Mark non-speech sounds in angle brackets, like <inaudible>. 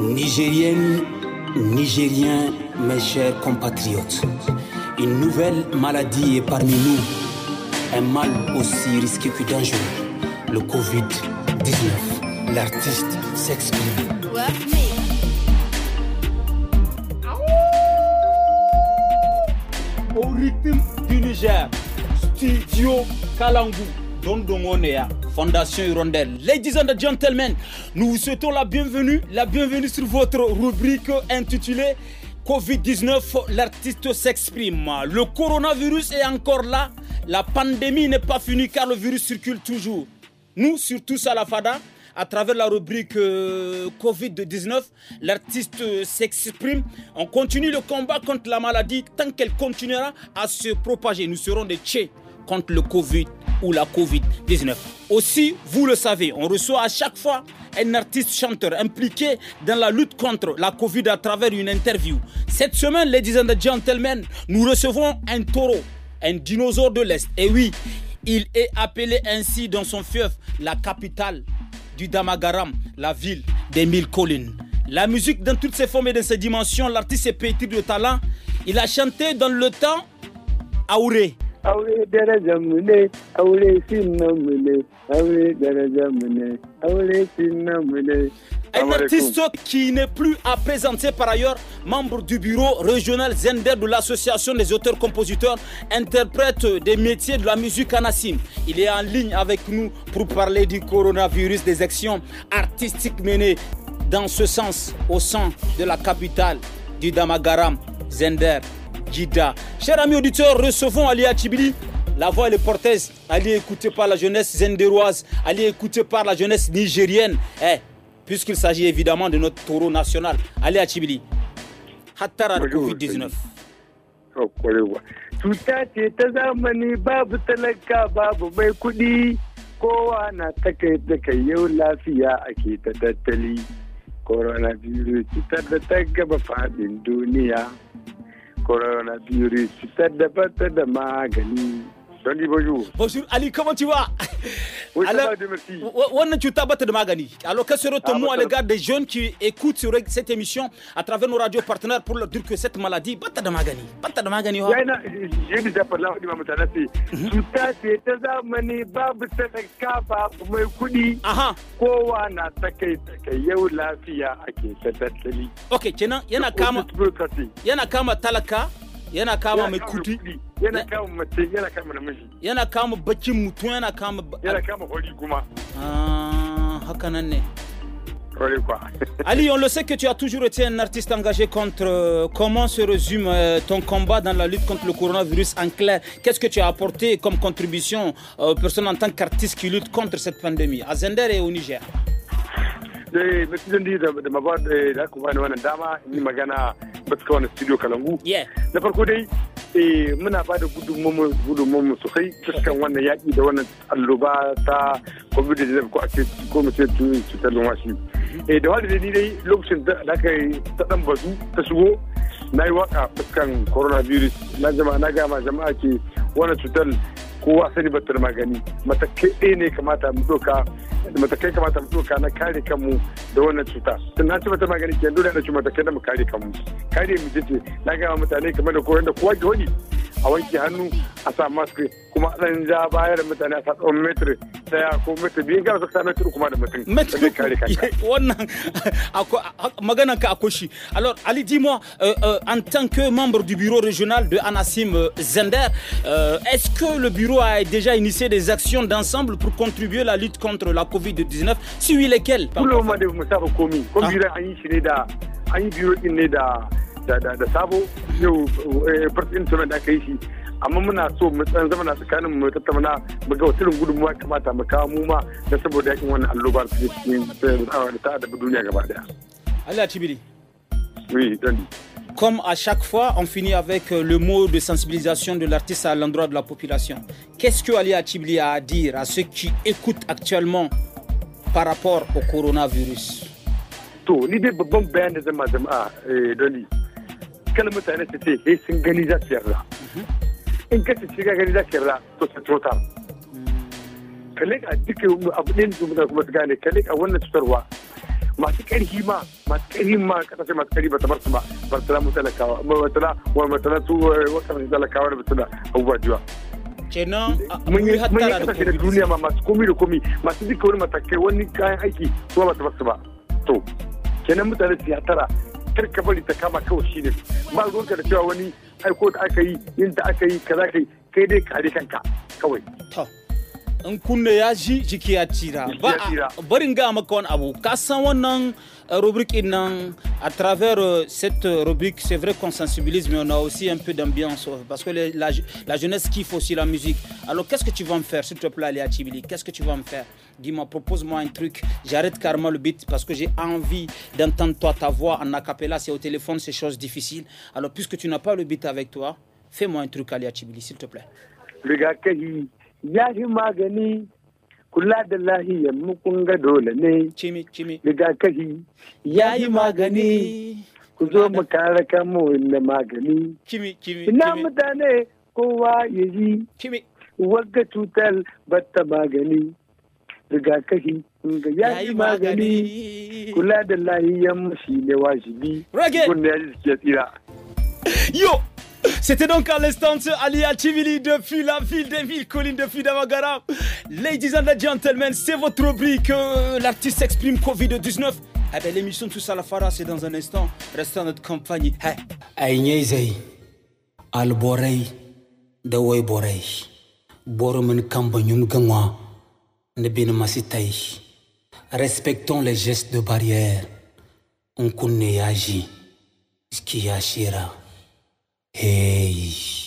Nigériennes, Nigériens, mes chers compatriotes, une nouvelle maladie est parmi nous, un mal aussi risqué que dangereux, le Covid-19. L'artiste s'exprime. Au rythme du Niger, studio Kalangu, Dondongonea. Fondation Hirondelle. Ladies and gentlemen, nous vous souhaitons la bienvenue, la bienvenue sur votre rubrique intitulée Covid-19, l'artiste s'exprime. Le coronavirus est encore là, la pandémie n'est pas finie car le virus circule toujours. Nous, surtout Salafada, à travers la rubrique euh, Covid-19, l'artiste s'exprime. On continue le combat contre la maladie tant qu'elle continuera à se propager. Nous serons des tchés contre le Covid ou la Covid-19. Aussi, vous le savez, on reçoit à chaque fois un artiste chanteur impliqué dans la lutte contre la Covid à travers une interview. Cette semaine, ladies and gentlemen, nous recevons un taureau, un dinosaure de l'Est. Et oui, il est appelé ainsi dans son fief, la capitale du Damagaram, la ville des mille collines. La musique dans toutes ses formes et dans ses dimensions, l'artiste est pétri de talent. Il a chanté dans le temps Aouré, un artiste qui n'est plus à présenter par ailleurs, membre du bureau régional Zender de l'association des auteurs-compositeurs, interprète des métiers de la musique à Il est en ligne avec nous pour parler du coronavirus, des actions artistiques menées dans ce sens au sein de la capitale du Damagaram, Zender. Chers amis auditeurs, recevons Alia Chibili. La voix est portaise. Elle écouter par la jeunesse zendéroise. allez écouter par la jeunesse nigérienne. Eh, puisqu'il s'agit évidemment de notre taureau national. Ali Chibili. Hattara Covid-19 virus. c'est de daban da magani. Bonjour Ali, comment tu vas oui, Alors, on tu tabates de Magani. Alors, que serait-on ah, mot à bah, l'égard des jeunes qui écoutent sur cette émission à travers nos radios partenaires pour leur dire que cette maladie, bata de Magani, bata de Magani. Je vous parlé là, Imam Tanassi. Mhm. Tout ça, c'est un zamani, babu, c'est un kaba, mais koudi. Aha. Kowa na takai takai, yau lafiya ake tattali. Ok, kenan yana kama. Yana kama talaka, yana kama mai kudi yana kama mace yana kama namiji yana kama bakin mutum yana kama yana kama hori kuma ah haka nan ne <laughs> Ali, on le sait que tu as toujours été un artiste engagé contre. Euh, comment se résume euh, ton combat dans la lutte contre le coronavirus en clair Qu'est-ce que tu as apporté comme contribution aux euh, personnes en tant qu'artiste qui luttent contre cette pandémie à Zender et au Niger yeah. eh muna ba da gudunmu kai fuskan wannan yaƙi da wannan alloba ta covid-19 ko a ce ko mu ce cutar lumwashi eh da wani ni dai lokacin da aka yi ta dan bazu ta shigo na yi waka fuskan coronavirus na jama'a na gama jama'a ke wannan cutar kowa sani batar magani matakai ɗaya ne kamata mu doka matakai kamata mu na kare kanmu da wannan cuta sun na ci batar magani ke dole na ci matakai da mu kare kanmu kare mu jiji na gama mutane kamar da koyar da kowa ke wani alors Ali dis-moi euh, euh, en tant que membre du bureau régional de Anassim euh, Zender est-ce que le bureau a déjà initié des actions d'ensemble pour contribuer à la lutte contre la Covid-19 si oui lesquelles da sabo yau first eh, in da aka yi shi amma muna so mu tsan zama na tsakanin mu tattauna mu ga wata gudunmuwa kamata mu kawo mu ma da saboda yakin wannan allobar su cikin eh, da ta adabi duniya gaba daya Allah Tibiri Oui, Dandy. Comme à chaque fois, on finit avec euh, le mot de sensibilisation de l'artiste à l'endroit de la population. Qu'est-ce que Ali Atibli a à dire à ceux qui écoutent actuellement par rapport au coronavirus To, ni dai babban bayan da zama jama'a eh, dali kala mutane su ce sai sun gani za su yarda in ka ce ka gani za su yarda to su tota ka leƙa duka abu ɗin da mutane kuma su gane ka leƙa wannan cutarwa masu ƙarfi ma masu ƙarfi ma ƙasashe masu ƙarfi ba ta bar su ba ba su lamu talakawa ba su la wa ba su la su wa ƙasashe talakawa da ba su la abubuwa jiwa. kenan mun yi hattara da komi da duniya ma masu komi da komi masu duka wani matakai wani kayan aiki kuma ba ta bar su ba to kenan mutane su hattara kar ka bari ta kama kawai shi ne ba ruwanka da cewa wani aiko da aka yi yin da aka yi kaza yi kai dai kare kanka kawai. Eh, in jiki rubrique à travers euh, cette rubrique c'est vrai qu'on sensibilise mais on a aussi un peu d'ambiance euh, parce que la, la, jeunesse kiffe aussi la musique alors qu'est-ce que tu vas me faire s'il te plaît Alia Atibili qu'est-ce que tu vas me faire dis-moi propose-moi un truc j'arrête carrément le beat parce que j'ai envie d'entendre toi ta voix en acapella c'est au téléphone c'est chose difficile alors puisque tu n'as pas le beat avec toi fais-moi un truc Alia Atibili s'il te plaît le gars ya fi magani kula da lahiyar mu kun dole ne rigakafi ya yi magani ku zo mu kare kanmu inda magani ina mutane kowa ya yi wagga cutar batta magani rigakafi ya yi magani kula da lahiyar mashi shi ne wajibi kun da ya tsira yo C'était donc à l'instant Alia Chivili depuis la ville des villes, collines depuis Damagara. Ladies and gentlemen, c'est votre rubrique. que euh, L'artiste exprime Covid-19. Eh bien, l'émission de Salafara, la Fara, c'est dans un instant. Restez en notre compagnie. Hey. Eh. les Dewey Borei. boromin kamba ne Nebin masitay respectons les gestes de barrière on connaît. yaji skiyashira Ei.